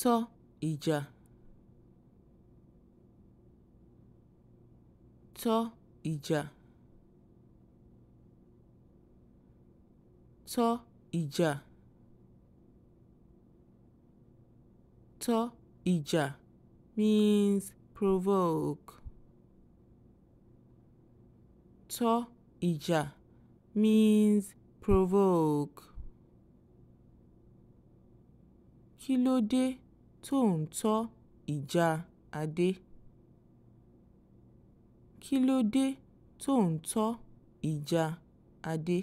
tọ́ ìjà tọ́ ìjà tọ́ ìjà tọ́ ìjà means provoke tọ́ ìjà means provoke kí ló dé tó ń tọ́ ìjà Adé? Kí ló dé tó ìjà Adé?